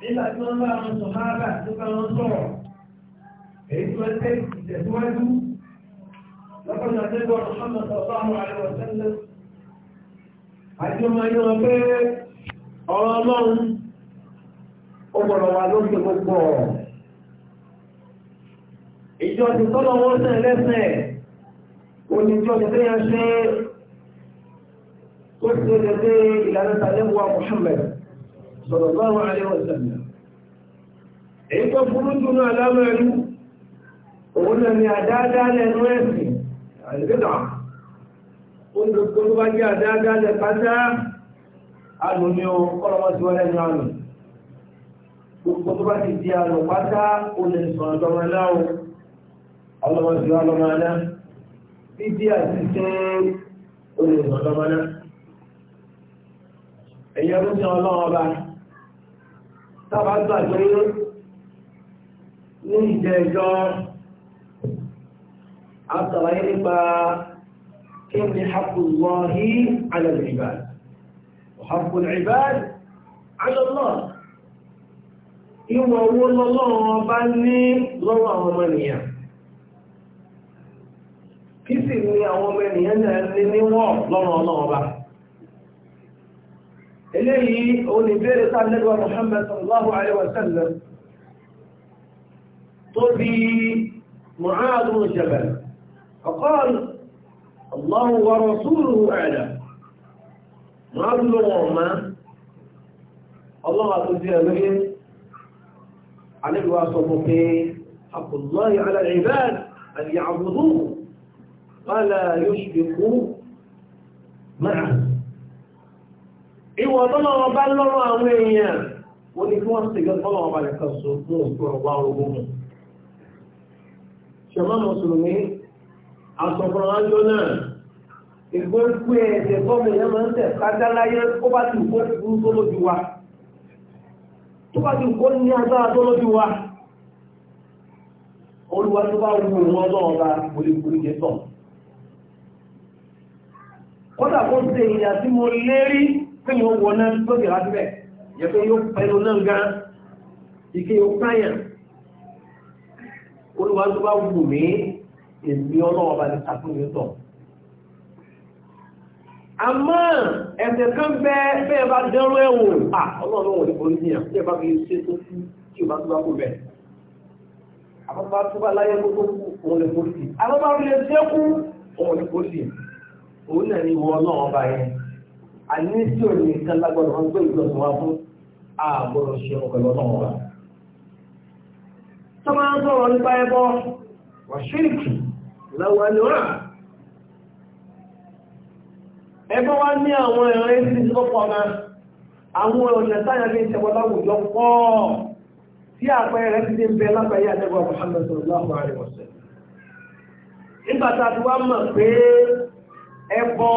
nígbà tí wọ́n bá wọn sọ̀rọ̀ ààbà tó bá wọn sọ̀rọ̀ èyí tó ń tẹ́ ìtẹ̀síwájú lọ́kọ̀ọ́nà tẹ́gbọ́ ọ̀sánà sọ̀rọ̀ àwọn àríwọ̀ tẹ́lẹ̀ àti ọmọ inú ọgbẹ́ ọ̀rọ̀ ọlọ́run ó gbọ́dọ̀ wà lókè gbogbo ọ̀rọ̀ ìjọ ti tọ́lọ̀ sọ̀rọ̀ bá wà ní ọ̀sẹ̀lẹ̀ èyí tó burú jù náà lámẹ́rú òun náà ni àdáadáa lẹ́nu ẹ̀sìn àìsídà olùkọ́ tó bá jẹ́ àdáadáa lẹ́ pátá alùmí o kọ́lọ́mọ́ ti wọlé ní alù gbogbo tó bá ti di pátá ẹ̀yẹ́ ló ti ọlọ́wọ́ báyìí tábà gbàgbé ní ìjẹ ẹjọ́ àtàlàyé nípa kí ni haqqullahi ala al-ibad wa haqqu al-ibad ala Allah ìwọ̀ owó lọ́lọ́wọ́ bá ní lọ́wọ́ àwọn ọmọ ènìyàn kí sì ni àwọn ọmọ ènìyàn ní níwọ̀ lọ́rọ̀ ọlọ́wọ́ bá eléyìí òun ni bèèrè sáà nígbà Muhammad sallallahu alaihi wasallam tó bí Mu'adh bin Jabal ọ̀kọ́ọ̀lù Allahu wa rasuluhu a'lam Mu'adh ló wọ̀n má ọlọ́wọ́ àtúntì ẹ̀lóyé alẹ́gbẹ̀wá sọ fún pé àkùnlọ́yì ala al-ibad an ya'buduhu wala yushriku ma'ahu ìwọ̀n tọ́lọ́wọ́ bá lọ́rọ̀ àwọn èèyàn ó ní kí wọ́n sì gẹ́ tọ́lọ́wọ́ bá nìkan sọ fún òṣùwọ̀n wá ogun mu ṣọmọ mùsùlùmí àsọ̀kọ̀ ránjọ́ náà ìgbó ikú ẹ̀ẹ́dẹ̀ tọ́mù yẹn máa ń tẹ̀ kájá láyé ó bá ti kó burú tó lójú wa tó bá ti kó ní agbára tó lójú wa olúwa tó bá wù wọn náà bá kúlíkúlí jẹ tọ̀ kódà kó ṣe ìyà tí mo lérí pé yóò wọ náà tó ti rà síbẹ̀ yẹ pé yóò pẹ̀lú náà gan ike yóò káyàn olùwà tó bá wù mí èmi ọlọ́wọ́ bá ti sàkóyè tọ̀. àmọ́ ẹ̀sẹ̀ kan bẹ bẹ́ẹ̀ bá dánrú ẹ̀wọ̀n à ọlọ́run wọ̀nyí borí ní à bẹ́ẹ̀ bá fi ṣe tó kú tí o bá tó bá kú bẹ́ẹ̀. àbábá tó bá láyé kó tó kú òun lè borí sí i àbábá tó lè ṣe kú òun lè borí sí i òun náà ni wọ́n ọlọ́wọ́ bá yẹn àní tí ò ní kan lágbọ́dọ̀ wọn gbé ìjọsìn wa fún àgbọ̀dọ̀ ṣe ọ̀pẹ̀ lọ́tọ̀ wa. tó máa ń sọ̀rọ̀ nípa ẹbọ wàṣíìkì lọ́wọ́ ẹni wà. ẹbọ wa ní àwọn ẹ̀rọ ẹ̀sìn tó pọ̀ náà àwọn ọ̀nà táyà fi ń láwùjọ pọ̀ tí àpẹẹrẹ ti dé ń bẹ lápẹẹrẹ àdẹ́gbà Muhammad sallallahu alaihi wasallam. nígbà tá a ti wá mọ̀ pé ẹbọ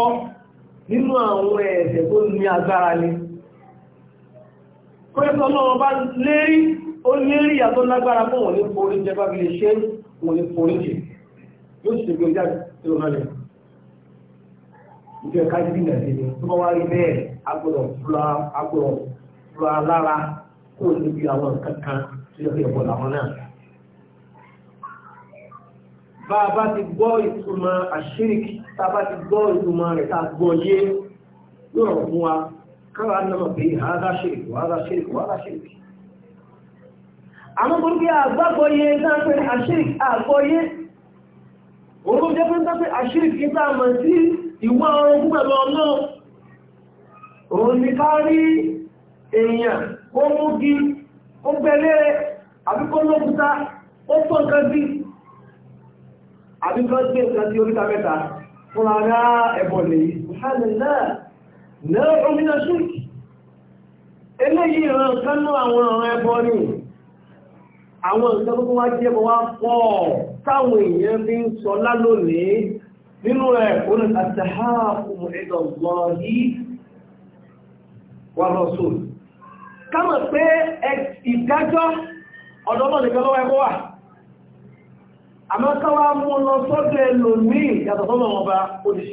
nínú àwọn ẹ̀ẹ̀sẹ̀ tó ní agbára ní kọ́lẹ́sọ́ náà bá lérí ó lérí àtọ́ lágbára fún wọn ní forí jẹ bá lè ṣe wọn ní forí jẹ yóò ṣe gbé jáde tí ó hálẹ̀ ìjọ ẹ̀ka jí nà sí tó bá wá rí bẹ́ẹ̀ bá a bá ti gbọ́ ìtumọ̀ àṣíríkì tá a bá ti gbọ́ ìtumọ̀ rẹ̀ tá a gbọ́ yé yóò rọ̀ fún wa káwa náà pé àádá ṣíríkì àádá ṣíríkì àádá ṣíríkì. àwọn tó ń gbé àgbàgbọ́ yé náà pé àṣíríkì àgbọ́ yé òun tó jẹ́ pé ń dápé àṣíríkì tá a mọ̀ sí ìwà ọrùn pẹ̀lú ọlọ́ òun ni ká rí èèyàn kó mú gi kó gbẹlẹ́rẹ́ àbí lókúta ó pọ̀ nǹkan bíi àbí kan gbé nǹkan tí oríta mẹ́ta fún ara ẹ̀bọ̀ lèyí náà omínà ṣíkì eléyìí ìran kánú àwọn ọ̀rọ̀ ẹbọ ni àwọn nǹkan tó wá jẹ́ bọ́ wá pọ̀ táwọn èèyàn fi ń sọ lálónìí nínú ẹ̀ òun àtàhàkùn ẹ̀dọ̀gbọ̀nyí wà rọ̀sùn kámọ̀ pé ìdájọ́ àmọ́ káwá mú lọ sọ́dọ̀ ẹlòmíì yàtọ̀ sọ́dọ̀ wọn bá ó ti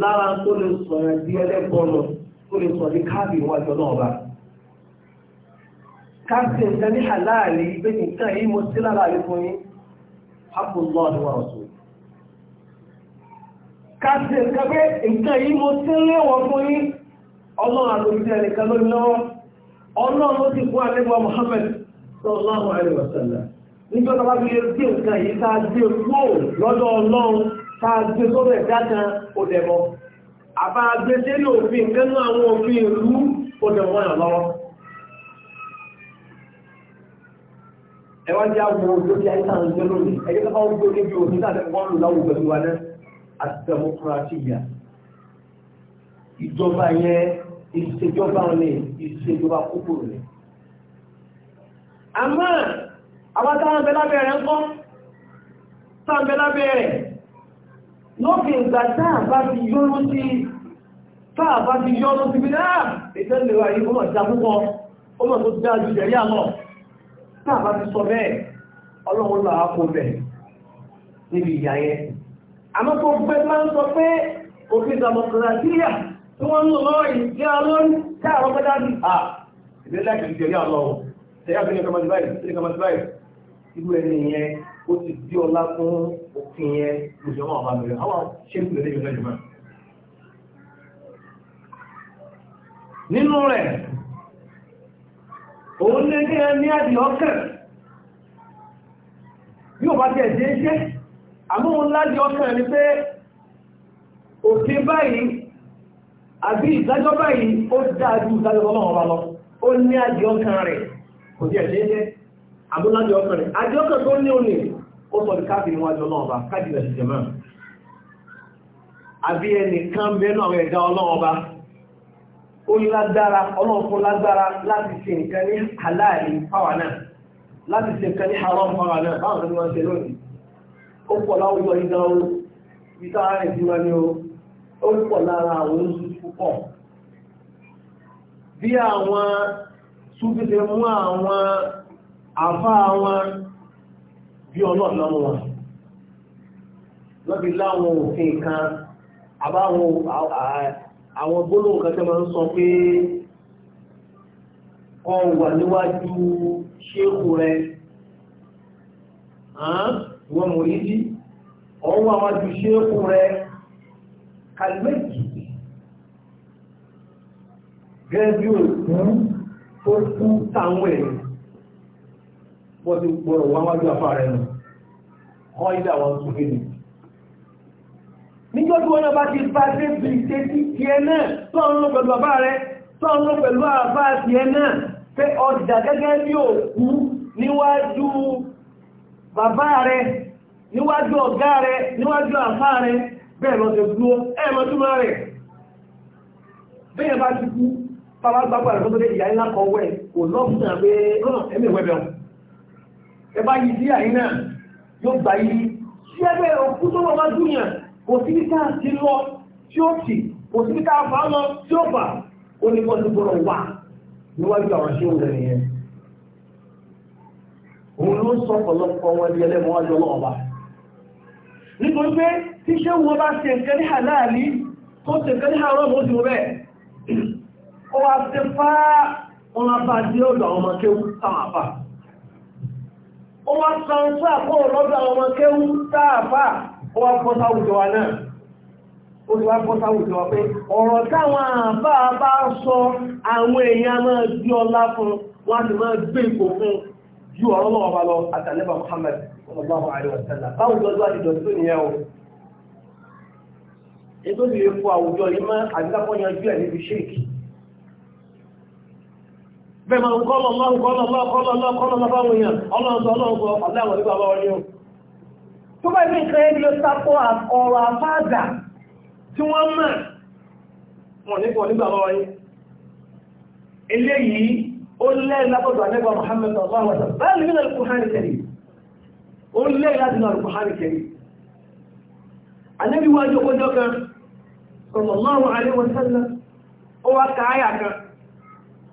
lára tó lè sọ̀rọ̀ di ẹlẹ́gbọ́nù tó lè sọ̀rọ̀ di káàbì wájọ náà bá káàbì ń tẹ́lẹ̀ àláàrí pé nìkan yìí mo sí lára rí fún yín hapò lọ́ káàbì yìí mo sí léwọ̀ fún yín ọlọ́run ẹnìkan lórí lọ́wọ́ ọlọ́run Muhammad nígbà tó bá fi lè gbé nǹkan yìí tá a gbé kúrò lọ́dọ̀ ọlọ́run tá a gbé sọ́dọ̀ ẹ̀dá kan ó dẹ̀bọ̀ àbá gbé sẹ́lẹ̀ òfin kánú àwọn òfin ìlú ó dẹ̀bọ̀ wọn lọ́wọ́ ẹwà jẹ́ àwọn olóògbé àìsàn ìjọ lónìí ẹgbẹ́ tó bá ń gbé níbi òfin láti wọ́n lù láwùjọ pẹ̀lú wa náà àti democratia ìjọba yẹn ìṣèjọba ọ̀nì ìṣèjọba kúkúrú ni. àmọ́ àwọn táwọn bẹ̀lábẹ̀ rẹ̀ ń kọ́ táwọn bẹ̀lábẹ̀ rẹ̀ lókè ìgbà táà bá fi yọ́rú sí táà bá fi yọ́rú sí bílá ìtẹ́lẹ̀wà yìí ó mọ̀ sí akúkọ ó mọ̀ tó dá ju jẹ̀rí àmọ́ táà bá fi sọ bẹ́ẹ̀ ọlọ́run là á kó bẹ̀ níbi ìyá yẹn àmọ́ tó gbé máa ń sọ pé òfin dàmọ̀kìràtíyà irú ẹni yẹn ó ti bí ọlá fún òfin yẹn lójúmọ́ ọba mi rẹ̀ àwọn ṣẹ́kù lè lẹ́yìn lẹ́yìn mọ́. nínú rẹ̀ òun lé ní ẹni àdì ọkàn bí ò bá tẹ̀ ṣe é ṣe àmọ́ òun láti ọkàn ni pé òfin báyìí àbí ìdájọ́ báyìí ó dáa ju ìdájọ́ ọlọ́run ọba lọ ó ní àdì ọkàn rẹ̀ kò jẹ́ ṣe é ṣe àbúlájọ ọkùnrin àjọ́kọ̀ tó ní òní ó sọ ní káàkiri níwájú ọlọ́ọ̀bá kájìlẹ̀ sí jẹ̀mọ́ àbí ẹni kan bẹ́ẹ̀nà àwọn ẹ̀dá ọlọ́ọ̀bá ó lágbára ọlọ́ọ̀fún lágbára láti ṣe nǹkan ní aláàrí pàwà náà láti ṣe nǹkan ní haram pàwà náà báwọn ni wọ́n ṣe lónìí ó pọ̀ láwùjọ ìdá o ìta rẹ̀ ti máa ní o ó pọ̀ lára àwọn oṣù púpọ̀ àfá wọn bí ọlọ́ọ̀lọ́mọ wọn lọ́bi láwọn òfin kan àbáwọn àwọn gbólóhùn kan tẹ́ máa ń sọ pé kọ́ wà níwájú ṣéèkù rẹ̀ ìwọ̀n mòrídìí ọwọ́ àwọn ju ṣéèkù rẹ̀ kàlmẹ́jì gẹ́gẹ́ bí òkú tó kú táwọn ẹ̀rọ bọ́ ti gbọ́rọ̀ wá wájú afá rẹ̀ nù kọ́ ìdá wọn sókè nù. níjọ́ tí wọ́n náà bá ti bá dé bí ṣe ti tiẹ̀ náà tó ń lọ pẹ̀lú bàbá rẹ̀ tó ń lọ pẹ̀lú àbá tiẹ̀ náà pé ọjà gẹ́gẹ́ bí òkú níwájú bàbá rẹ̀ níwájú ọ̀gá rẹ̀ níwájú àfá rẹ̀ bẹ́ẹ̀ lọ ti dúró ẹ̀mọ́túnmọ́ rẹ̀ bẹ́ẹ̀ bá ti kú bàbá gbàgbà rẹ̀ tó tó dé ìyá ńlá kan wẹ̀ kò lọ́pùtà pé ẹ̀mẹ̀wẹ̀bẹ̀ ẹ bá yìí sí àyín náà yóò gbà yìí sí ẹgbẹ́ òkú tó wọ́n bá dúnyàn kò sí ní káà ti lọ tí ó tì kò sí ní káà fà á lọ tí ó fà ó ní kọ́ ní gbọ́dọ̀ wà níwájú àwọn tí ó rẹ̀ nìyẹn. òun ló sọ ọ̀pọ̀lọpọ̀ wọn di ẹlẹ́mọ̀ wájú ọlọ́ọ̀ba nítorí pé tí ṣé wọn bá ṣe nǹkan ní àláàlí tó ṣe nǹkan ní àárọ̀ mọ́ sí bẹ́ẹ̀ ó wá ṣe fá wọn bá dé ó wá transfer kó lọ́dọ̀ àwọn ọmọ kéwú tààfà ó wá bọ́ sáwùjọ wa náà ó ti wá bọ́ sáwùjọ wa pé ọ̀rọ̀ táwọn àbá bá sọ àwọn èèyàn máa gbé ọlá fún wọn ti máa gbé ipò fún ju ọ̀rọ̀ Muhammad sallallahu alaihi wasallam báwùjọ tó wá ti dọ̀ o ètò ìlú fún àwùjọ yìí máa àdílápọ̀ yanjú ẹ̀ níbi bẹ́ẹ̀ máa ń kọ́ lọ́lọ́ kọ́ lọ́lọ́ kọ́ lọ́lọ́ kọ́ lọ́lọ́ báwọn èèyàn ọlọ́run sọ ọlọ́run sọ aláwọ̀ nípa bá wọlé o. tó bá ní nǹkan ẹni ló sapọ̀ ọ̀rọ̀ àfáàdà tí wọ́n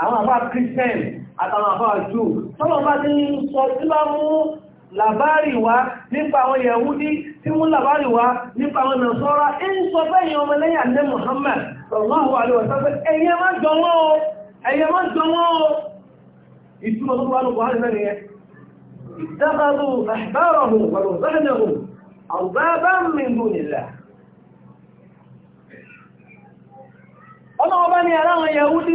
àwọn àbá christian àtàwọn àbá jù tọ́lọ̀ bá ti ń sọ tí bá mú làbárì wá nípa àwọn yẹ̀wúdí tí mú làbárì wá nípa àwọn nàṣọ́rá ń sọ bẹ́yìn ọmọ lẹ́yìn àdé Muhammad sallallahu alaihi wasallam ẹ̀yẹ má jọ wọ́n o ẹ̀yẹ má jọ wọ́n o ọlọ́wọ́ bá ní aláwọn yẹ̀wúdí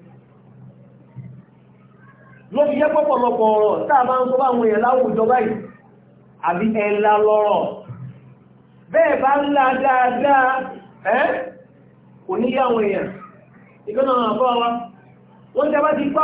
ló fi jẹ́ pọ̀pọ̀lọpọ̀ ọ̀rọ̀ táà bá ń sọ báwọn èèyàn láwùjọ báyìí àbí ẹ̀là lọ́rọ̀ bẹ́ẹ̀ bá ń la dáadáa ẹ́ kò ní yá èèyàn ìgbónà àwọn wọ́n tẹ́ bá ti pa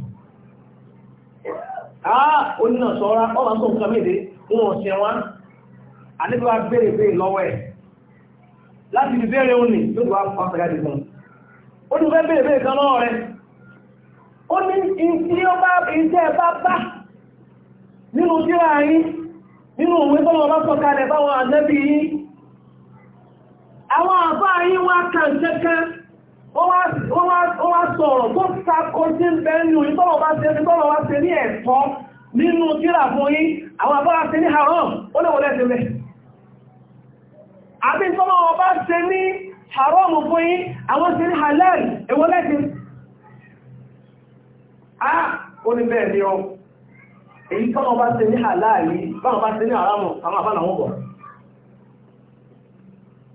onínà sọ́ra ọmọ tó nǹkan méde wọn ò ṣe wọn àníbi wa béèrè béèrè lọ́wọ́ ẹ̀ láti fi béèrè òní ló ti wá pa ọ̀sẹ̀ jáde fún un ó fẹ́ kan lọ́wọ́ ó ní ọba ìdẹ́ bá nínú síra nínú òwe wá sọ̀rọ̀ tó takò sí bẹ́ẹ̀nù ìtọ́lọ̀ bá ṣe ní tọ́lọ̀ wá ṣe ní ẹ̀tọ́ nínú tíra fún yí àwọn àbára ṣe ní haram ó lè wọlé ṣe bẹ́ àbí tọ́lọ̀ bá ṣe ní haram fún yí àwọn ṣe ní halal ewọlé ṣe a ó ní bẹ́ẹ̀ ni ọ èyí tọ́lọ̀ bá ṣe ní halal yìí báwọn bá ṣe ní haram àwọn àbára wọn bọ̀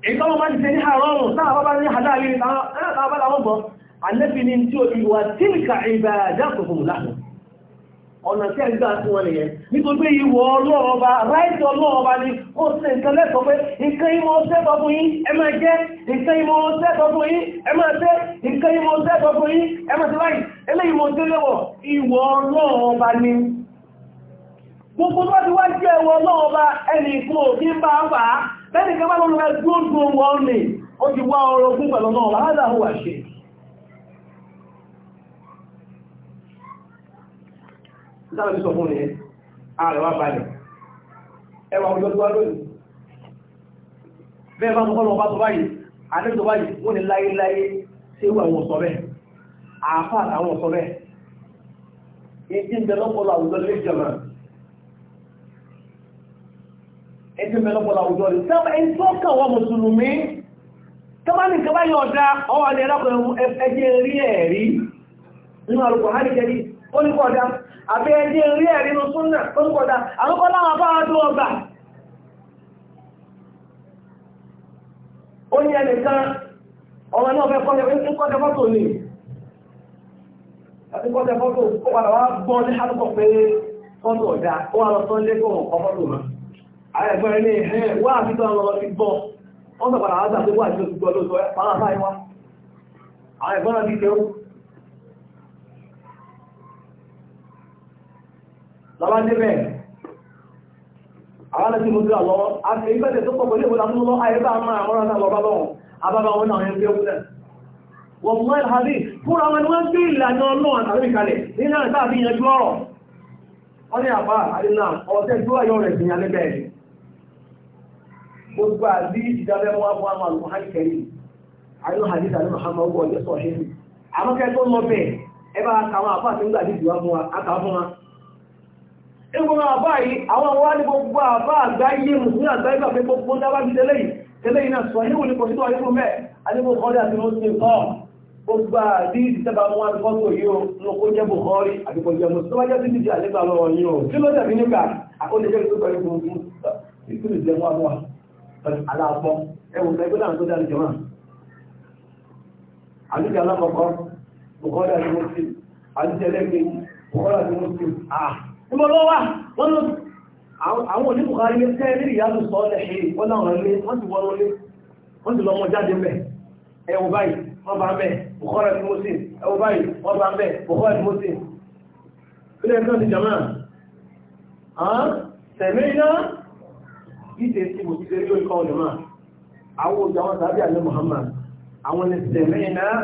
èyí tọ́lọ̀ bá ṣe ní haram táwọn bá ní halal yìí táwọn bá àlẹ́bí e tí olùwà tílkà ìgbà àjákòkòrò láàrín ọ̀nà tí a gbà fún wọn nìyẹn nítorí pé ìwọ̀ ọlọ́ọba ráìtì ọlọ́ọba ni ó ṣe nǹkan lẹ́sọ̀ pé nǹkan ìmọ̀ ọ̀sẹ́tọ̀ fún yín ẹ máa jẹ nǹkan ìmọ̀ ọ̀sẹ́tọ̀ fún yín ẹ máa ṣe nǹkan ìmọ̀ ọ̀sẹ́tọ̀ fún yín ẹ máa ni gbogbo tó ti wá jẹ́ ọlọ́ọba ẹnì fún bá wà bẹ́ẹ̀ bá sáà bí sọ fún yẹn ààrẹ wá balẹ̀ ẹwà ọjọ́ tó wá lónìí bẹ́ẹ̀ bá mọ́ ọmọ bá tó báyìí àdéjọ báyìí wọ́n ni láyéláyé tí wọ́n àwọn ọ̀sọ̀ bẹ́ẹ̀ àáfà àwọn ọ̀sọ̀ bẹ́ẹ̀ ìdí ń bẹ lọ́pọ̀lọ́ àwùjọ lè jẹ̀mọ̀ ìdí ń bẹ lọ́pọ̀lọ́ àwùjọ lè sábà ẹni tó kàn wọ́n mùsùlùmí tọ́bá ní kaba yọ̀ ọ̀dá ọwọ́ àdé ẹ̀rọ ó ní kọ̀dá àbí ẹjí rí ẹ̀rí inú súnnà ó ní kọ̀dá àlọ́kọ́ láwọn afárá ọgbà ó ní ẹnìkan ọmọ náà fẹ́ kọ́dẹ fọ́tò ní àti kọ́dẹ fọ́tò ó padà wá gbọ́n ní àlọ́kọ̀ pé fọ́tò ọ̀dá ó wà lọ sọ bàbá débẹ̀ àwọn àti mo dúrà a àti ìgbẹ́sẹ̀ tó pọ̀ pẹ̀lú ìwé lásán lọ́wọ́ máa àwọn ọ̀rọ̀ náà lọ́bá lọ́wọ́ àbábá wọn náà ń gbé wọ́n mọ́ ìhàdí fún àwọn ẹni wọ́n gbé ìlànà nínú ìyẹn ìgbọ́n àbá yìí àwọn wá ní gbogbo àbá àgbáyé mùsùlùmí àgbáyé gbà pé gbogbo dábá bí tẹ́lẹ̀ yìí tẹ́lẹ̀ yìí náà sọ yíò ní kòsítọ́ ayébò mẹ́ alébò kọ́lẹ̀ àti mọ́sílẹ̀ kan gbogbo àdí ìtẹ́bà mú wá kọ́tò yìí o ní kó jẹ́ Bukhari àdìpọ̀ jẹ́ mùsùlùmí wájẹ́ sí ti àlébà lọ́wọ́ yìí o kí ló dẹ̀bi nígbà àkóléjẹ́ tó pẹ̀lú gbogbo ìtúrì jẹ́ wá wà aláàpọ̀ ẹwù ẹgbẹ́ náà tó dá lè jọmọ́ àdìjẹ́ alákọ̀ọ́kọ́ Bukhari àti mọ́sílẹ̀ àdìjẹ́ lẹ́gbẹ̀ẹ́ Bukhari àti mọ́sílẹ̀ ìmọ̀lọ́wà wọ́n ló àwọn oníbùkárí tẹ́ ilé ìyàtọ̀ sọ lẹ́ṣẹ́ wọ́n láwọn ilé wọ́n ti wọ́n lé wọ́n ti lọ́mọ jáde mẹ́ ẹwọ báyìí wọ́n bá mẹ́ bukhari ni muslim ẹwọ báyìí wọ́n bá mẹ́ bukhari ni muslim ilé ẹ̀kọ́ àlẹ́ muhammad àwọn ni tẹ̀lé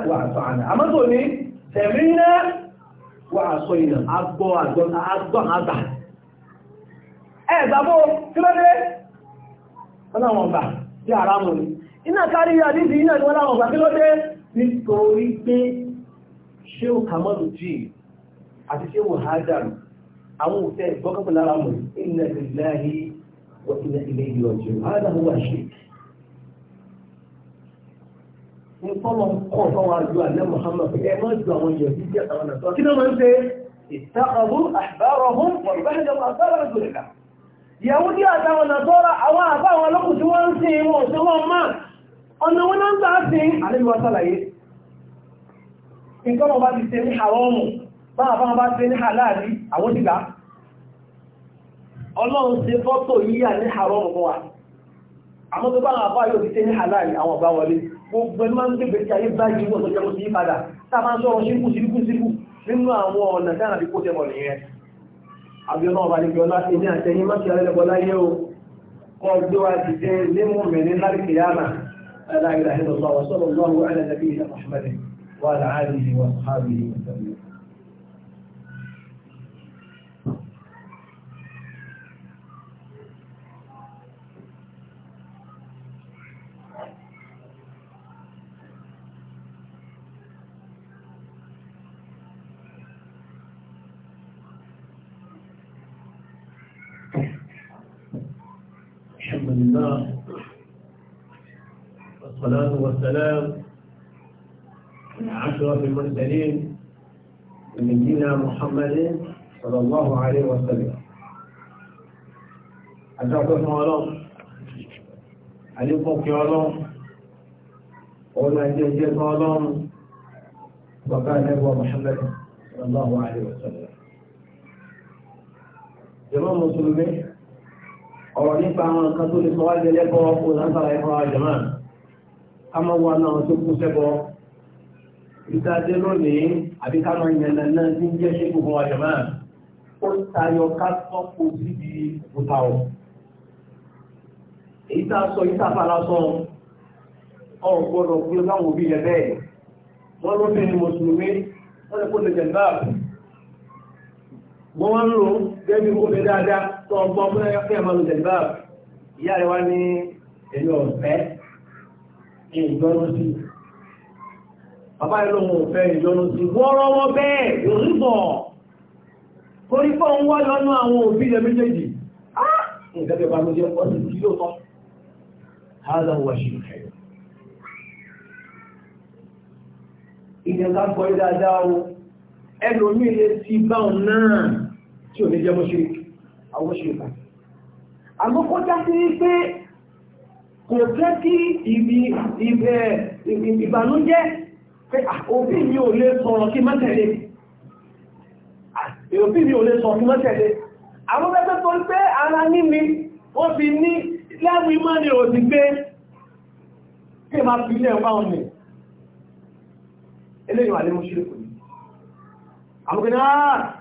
wà àtọ̀ àná àmọ́ tòní tẹ̀lé iná wà àṣọ ìnà agbọ́ àjọta agbọ́ àgbà ẹ̀gbàgbó kílódé ọláwọn ọ̀gbà tí ara iná kárí àdíjì iná ni ọláwọn ọ̀gbà kílódé nítorí pé ṣé o kàmọ́lù jì àti ṣé nítọ́lọ̀ ń kọ́ fáwọn àjò àlẹ́ Muhammad pé ẹ máa ju àwọn èèyàn sí díẹ̀ tàwọn àtọ́ kí ló máa ń ṣe ìtàkàbù àbárọ̀ hún wọ̀n bá ṣe máa bá rẹ̀ lórí ká ìyàwó ní àtàwọn àtọ́ra àwọn àbá àwọn ọlọ́kùn tí wọ́n ń sin wọn tí wọ́n máa ọ̀nà wọn náà ń gbà sin àlejò sàlàyé nǹkan ọba ti ṣe ní àrọ́mù bá ọlọ́run ṣe fọ́tò yíyà ní àrọ́mù fún wa àmọ́ tó bá àwọn àbá ti ṣe ní àláàrí àwọn ọba wọlé gbogbo ẹni máa ń gbẹ̀gbẹ̀ tí ayé báyìí wọ́n tó jẹ́ kóṣe yípadà tá a máa ń sọ̀rọ̀ síkú síkú síkú nínú àwọn ọ̀nà tí a fi kó jẹ mọ̀ nìyẹn àbíọ́nà ọba ní bíọ́lá ilé àtẹyìn má ti rẹ̀ lẹ́bọ̀ láyé o kọ́ gbé wa ti jẹ́ lémù mẹ́rin lárí kìyàmà ẹ̀dá ìlànà ìlọ́sọ̀rọ̀ sọ̀rọ̀ lọ́wọ́ ẹ̀dá ìlànà ìlànà الله والصلاة والسلام على أشرف المرسلين من نبينا محمد صلى الله عليه وسلم أتعرف الله عليكم يا الله ولا جزاك الله وقال نبوة محمد صلى الله عليه وسلم إمام مسلمين ọ̀rọ̀ nípa àwọn nǹkan tó lè sọ wáyé lẹ́bọ òlánsàrà ẹ̀kọ́ àjọmọ́ ká máa wọ àwọn tó kú sẹ́bọ ìdájẹ́ lónìí àbí ká máa yẹn lẹ́nà tí ń jẹ́ ṣe kú fún ó tayọ ká tọ́pọ̀ síbi òkúta ọ̀ èyí tá a sọ yìí sáfà lásán ọ̀ gbọ́dọ̀ pé láwọn òbí rẹ̀ bẹ́ẹ̀ wọ́n ló bẹ̀rẹ̀ mùsùlùmí wọ́n lè kó lè jẹ̀ báàbù wọ́n wá ń lò ó gẹ́gẹ́ bí kó fẹ́ dáadáa tó ọgbọ́n fún ẹ̀kẹ́ ẹ̀mọ́ ló tẹ̀lé báà ìyá rẹ̀ wá ní ẹ̀mí ọ̀fẹ́ ìjọ́nú sí bàbá rẹ̀ lòun ọ̀fẹ́ ìjọ́nú sí wọ́ọ́rọ́wọ́ bẹ́ẹ̀ òrìbọ̀ torí pé òun wá lọ́nà àwọn òbí rẹ̀ méjèèjì á nǹkan tẹ̀ bá mi jẹ́ ọ̀sẹ̀ tí yóò tọ́ hálà wà ṣì ìjẹ̀ká kọ́ dáadáa o ẹlòmíì lè ti báwọn náà tí ò ní jẹ́ mọ́ṣíríkì àwọn mọ́ṣíríkà àmọ́ kó já sí pé kò jẹ́ kí ibi ibẹ̀ ìbànújẹ́ pé ah, òbí mi ò lè sọ̀rọ̀ kí má tẹ̀lé ah, òbí mi ò lè sọ̀rọ̀ kí má tẹ̀lé àwọn bẹ́ẹ̀ tó ń pé ara ní mi wọ́n fi ní lẹ́nu imá ni ò ti gbé kí ma fi ilé ẹ̀wọ́ àwọn ènìyàn eléyìn wà àwọn kìnnà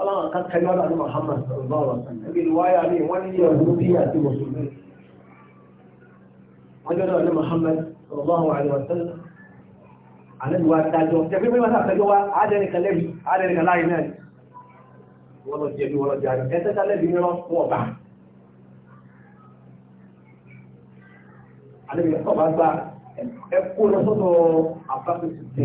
ọlọ́run kan kẹjọ́ ọ̀dà ní Muhammad sọ̀rọ̀ ẹbí ìwáyà ní wọ́n ní Yahudi àti mùsùlùmí wọ́n jọ́ ọ̀dà ní Muhammad sọ̀rọ̀ àríwá sẹ́lẹ̀ àlẹ́bí wa dájọ́ jẹ́bí mímọ́ sáà kẹjọ́ wa ádẹ́nìkan lẹ́bi ádẹ́nìkan láì náà wọ́n lọ jẹ́bi wọ́n lọ jẹ́ àríwá ẹ̀sẹ̀ kálẹ́bi mìíràn fún ọ̀bà àlẹ́bí ọ̀bà gba ẹ̀kú lọ sọ́dọ̀ àbáfẹ́sì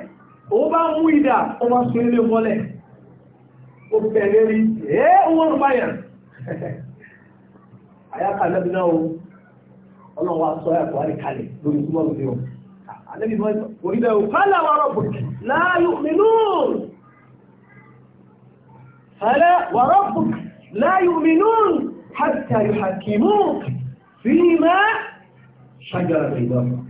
òun bá mú ìdá ọmọ sọ ilé mọ́lẹ̀ ó bẹ̀rẹ̀ rí ẹ́ wọ́n báyà àyàkà lẹ́bi náà o ọlọ́wọ́ aṣọ ẹ̀kọ́ àríkalẹ̀ lórí túmọ̀ lórí o àlẹ́bi mọ́ orí bẹ́ẹ̀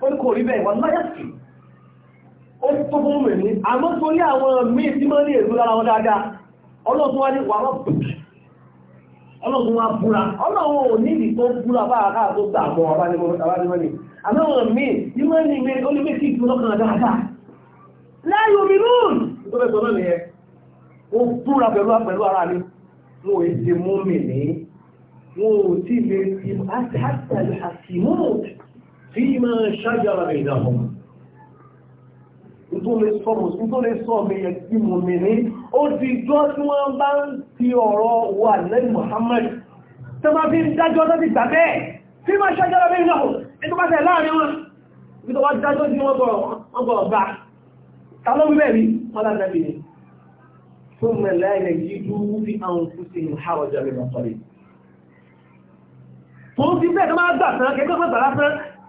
ó ní kò rí bẹ́ẹ̀ wọ́n láyé sí ó tó fún mi ní àmọ́ tó ní àwọn míì tí máa ní èrú lára wọn dáadáa ọlọ́run wá ní wà wọ́n bùkì ọlọ́run wá búra ọlọ́run ò ní ìdí tó búra bá àká tó gbà mọ́ abánimọ́ni àmọ́ àwọn míì tí máa ní ilé olùgbèsì ìtura kan dáadáa láyò mi lóòn tó fẹ́ sọ náà nìyẹn ó búra pẹ̀lú pẹ̀lú ara mi wọn ò ti mú mi ní wọn ò tí lè ti àtàlù àtìmọ́ọ̀tì fíìmọ̀ ṣájára ìdáhùn nítorí sọ mùsùlùmí sọ mi ẹ̀sìn mú mi ní ó ti jọ́ tí wọ́n bá ń fi ọ̀rọ̀ wà lẹ́yìn Muhammad tó bá fi ń dájọ́ tó ti gbà bẹ́ẹ̀ fíìmọ̀ ṣájára ìdáhùn ẹni tó bá tẹ̀ láàrin wọn ibi tó bá dájọ́ sí wọ́n gbọ́rọ̀ gbà ta ló wíbẹ̀ rí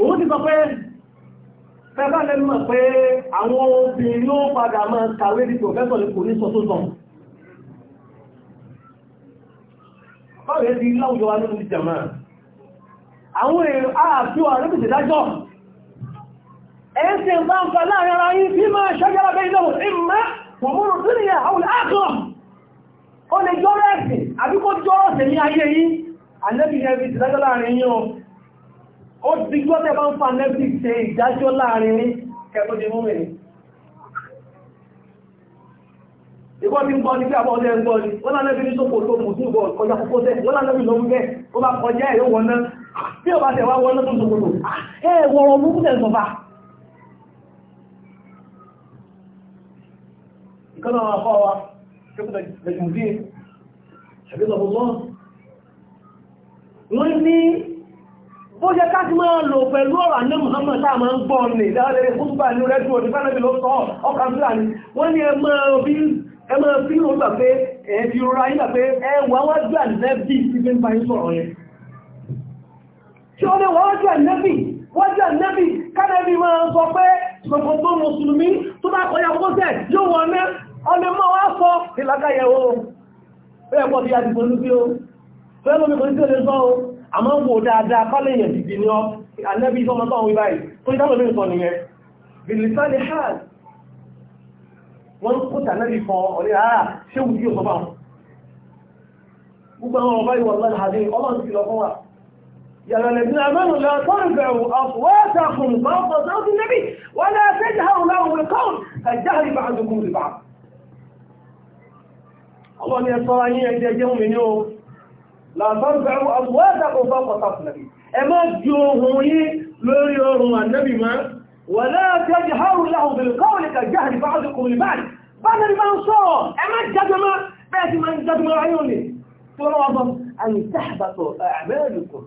òun ti sọ pé pẹ́bá lẹ́nu mọ̀ pé àwọn obìnrin ló padà máa kàwé ní pòfẹ́sọ̀ ní kò ní sọ tó sọ báwo ti láwùjọ wa nínú ìjàmà àwọn èèyàn àfihàn àrẹ́bìsì dájọ́ bá ń fa láàrin ara yìí bí máa ṣájára bẹ́ ilẹ̀ òun ìmá wọ̀múrù tó ni àwọn àkọ́ ó lè jọ́rọ̀ ẹ̀sìn àbíkó jọ́rọ̀ sí ní ayé yìí ó dìgbọ́ tẹ́ bá ń fa nẹ́bí ṣe ìdájọ́ láàrin ní kẹ́kọ́ di múmi ní ìgbọ́ ti ń gbọ́ ní pé àbọ̀ ọdẹ ń gbọ́ ní wọ́n lánẹ́bí ní sókò tó mùsùn bọ̀ kọjá kókó tẹ́ wọ́n lánẹ́bí ló ń bẹ́ ó bá kọjá ẹ̀ wọ́n náà bí ó bá tẹ̀ wá wọ́n lọ́tún sókò tó ẹ̀ wọ̀rọ̀ mú kúrẹ̀ sọ̀fà ìkọ́nà àwọn afọ́ wa ṣẹ́kùn lẹ́jùn bí ṣẹ́kùn lọ́wọ́ wọ́n ní bó jẹ́ káàkiri máa lò pẹ̀lú ọ̀rọ̀ àná Muhammad tá a máa ń gbọ́ ní ìdáwọ́lẹ́rẹ́ fúnbà ní rẹ́dùn òdí fánàbí ló sọ ọkà ń láàrin wọ́n ní ẹ máa fi rò gbà pé ẹ̀ẹ́dì rọra yígbà pé ẹwà wá gbà nẹ́bì tí fi ń bá yín sọ̀rọ̀ yẹn tí ó lè wọ́n wá gbà nẹ́bì wọ́n gbà nẹ́bì kánẹ́bì máa sọ pé gbogbo mùsùlùmí tó bá kọjá kóṣẹ̀ yóò wọ́n ní ọmọ mọ́ wá sọ ìlàkàyẹ̀wò ẹ̀pọ̀ bí i ní bí ó fẹ́ lómi kò ní tí ó lè sọ àmọ́ wò dáadáa kọ́lẹ̀ èèyàn dìdì ní ọ́ anẹ́bí sọmọ tó ń wí báyìí tó ní dámọ̀ lórí sọ nìyẹn bìlìsá lè hà wọ́n kó tànẹ́bí fọ ọ̀rẹ́ ara ah, ṣé wù sí òṣọ́bà gbogbo àwọn ọba ìwọ̀n lọ́nà àdé ọlọ́run ti lọ fún wa yàrá lẹ́bí náà mẹ́rin lọ tó ń bẹ̀rù ọ̀fọ̀wọ́sàkùn bá ọkọ̀ tó ti nẹ́bí wọ́n lọ sí ìdáhùn láwọn olùkọ́ùn kàjáàrí bá àdókùn rìbá ọlọ́ni ẹ̀sọ́ ayé ẹ̀jẹ̀ jẹ́ òmìnir làbábẹ̀rù àwọ́dà ọba pàtàkì ẹ má jí ohun yí lórí ohun ànábì máa wà láti ẹjì harun láhùn bèèrè kọ́wọ́lẹ̀ kà jẹ́ àrífà ọdún ní báyìí bá nàrí máa ń sọ́ọ̀ ẹ má jájọmá bẹ́ẹ̀ sí máa ń jájọmá ayé òní tó lọ́wọ́ bọ́ àyè tàbàtọ̀ àmẹ́rẹ̀kù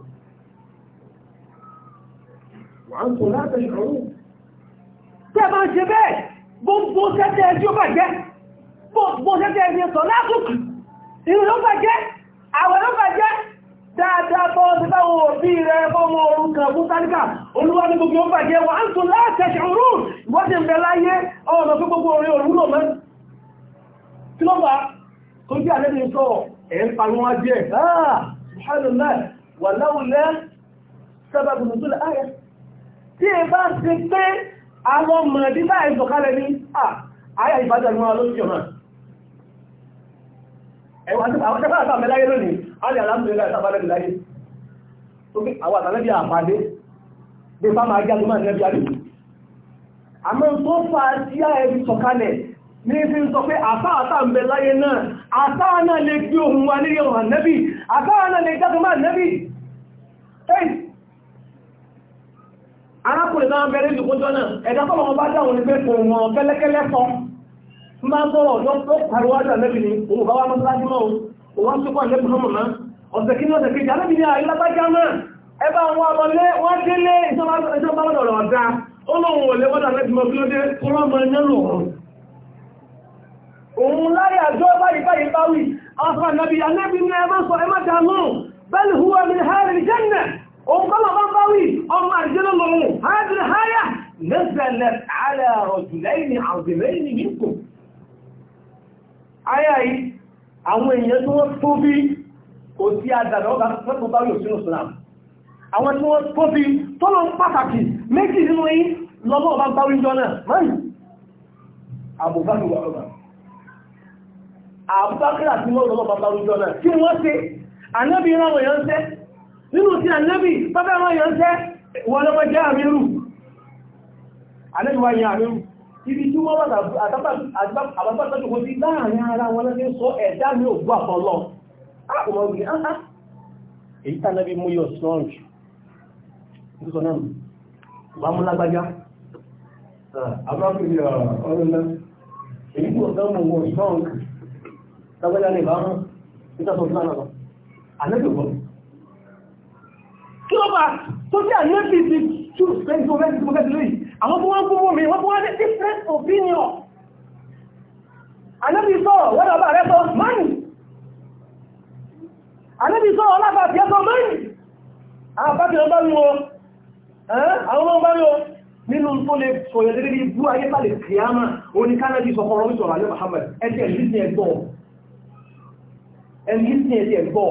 wọ́n àwọn ló bà jẹ́ dáadáa bọ́ ti báwọn òbí rẹ̀ fọ́mọ orun kan fún táníkà olúwa ní gbogbo ó bàjẹ́ wà ń tún láàtẹ̀ṣẹ̀ òrùn wọ́n ti ń bẹ láyé ọ̀nà fún gbogbo orin òrùn lò mẹ́ kí ló bá tó jẹ́ àlẹ́bí sọ ẹ̀ ń parí ah, wọn àwọn tẹ́fà àtàmẹ́ láyé lónìí a lè alámùlélà ìsàbálẹ̀ láyé tókè àwọn àtàlẹ́bí àpàdé bí bá máa jáde máa nẹ́bí àdé àmọ́ tó fà á sí ààrẹ sọ̀kalẹ̀ ní fi ń sọ pé àtà àtàmẹ́ láyé náà àtà náà lè gbé ohun wa ní yọ̀hàn nẹ́bí àtà náà lè jáde máa nẹ́bí arákùnrin náà bẹ̀rẹ̀ ìdùkúnjọ́ náà ẹ̀dá tọ́lọ́wọ́ bá dáhùn ní pé máa sọ̀rọ̀ ọ̀dọ́ pàríwájú àlẹ́bì ni òun bá wá mọ́ sílájú mọ́ òun wọ́n sípò àlẹ́bì náà mọ̀mọ́ ọ̀sẹ̀ kí ní ọ̀sẹ̀ kejì àlẹ́bì ni àìlábájá náà ẹbá wọn abọ́lé wọ́n délé ìjọba lọ́dọ̀ ọ̀dá olóhun òlé wọ́dà lẹ́bì mọ́ kí ló dé kó lọ́ mọ iná lò wọ́n òun láyé àjọ báyìí báyìí báwì ọ̀sán àlẹ́bì àlẹ́bì ni ẹ má sọ ẹ má dà lóhùn bẹ́ẹ̀ni huwa min jẹ́nà òun kọ́lọ̀ bá báwì ọmọ àjẹ́nà lòun hẹ́rì háyà lẹ́sẹ̀lẹ̀ àlẹ́ ọ̀jùlẹ́yìn ayá yìí àwọn èèyàn tí wọ́n tó bí kò sí àdàdà ọba mẹ́kọ̀ọ́ bá yóò sínú islam àwọn tí wọ́n tó bí tọ́lọ pàtàkì méjì nínú yí lọ́lọ́ ọba bá wíjọ náà mọ́rin àbúbákìwà ọba àbúbákìwà tí wọ́n lọ́lọ́ bá wíjọ náà kí wọ́n ṣe ànábì ìrànwọ̀ yẹn ń ṣe nínú sí ànábì pápẹ́ ìrànwọ̀ yẹn ń ṣe wọ́n lọ́wọ́ jẹ́ ibi tí wọ́n wà àbábátọ́jú kò sí láàrin ara wọn lọ́dẹ́ sọ ẹ̀dá mi ò gbọ́ àtọ́lọ́ àkùnmọ̀ wí áhá ah, ah. èyí tàà lẹ́bí mú yọ strong nítorí náà bá mú lágbájá ah, àbábí ọ̀rọ̀ náà èyí tí ọ̀gá mú wọ strong lágbájá ní ìbámu nítorí náà lọ àlejò bọ́ kí ló bá tó jẹ́ àlejò ti tú ẹni tó fẹ́ ti tó fẹ́ ti lóyìí àwọn tó wọ́n gúnmù mi wọ́n tó wọ́n ní different opinion anábì sọ̀rọ̀ wọ́n bàbá rẹ̀ sọ mọ́nì anábì sọ̀rọ̀ ọlọ́bà tí ẹ sọ mọ́nì àwọn bábí ọba rí wọn àwọn ọba rí wọn nínú tó lè sọ̀yẹ̀ lérí ibú ayé bá lè kìíyàmà oníkánábì sọ̀kọ̀rọ̀ mi sọ̀rọ̀ alẹ́ Muhammad ẹ̀jẹ̀ ìlísìn ẹ̀gbọ́ ẹ̀lísìn ẹ̀dí ẹ̀gbọ́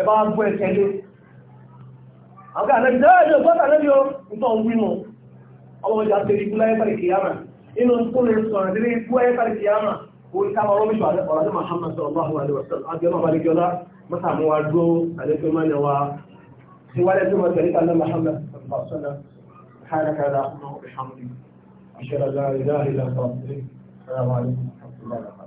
ẹ̀bá gbọ́ ẹ̀kẹ́lé àwọn anábì sọ̀rọ̀ ẹ̀jẹ̀ ọgbọ́ta lẹ́bí ọ ọlọ́mọdé àti ikú láyé pàdé kìyàmà inú tó lè sọ àdínlẹ̀ ikú láyé pàdé kìyàmà ó ní káwọn ọlọ́mọdé àti ọ̀rọ̀ àti Muhammad sallallahu alaihi wa sallam àti ọmọ balẹ̀ jọlá mọ́ta mú wa dúró àdékùn máa yẹwa tí wálé tó máa tẹ̀lé kàlẹ́ Muhammad sallallahu alaihi wa sallam حالك على أمه بحمدي أشهد أن لا إله إلا أنت السلام عليكم ورحمة الله وبركاته